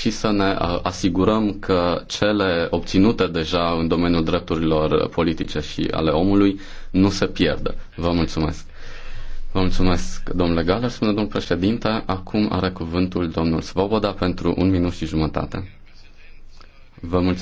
și să ne asigurăm că cele obținute deja în domeniul drepturilor politice și ale omului nu se pierdă. Vă mulțumesc. Vă mulțumesc, domnule Galer. Spune domnul președinte, acum are cuvântul domnul Svoboda pentru un minut și jumătate. Vă mulțumesc.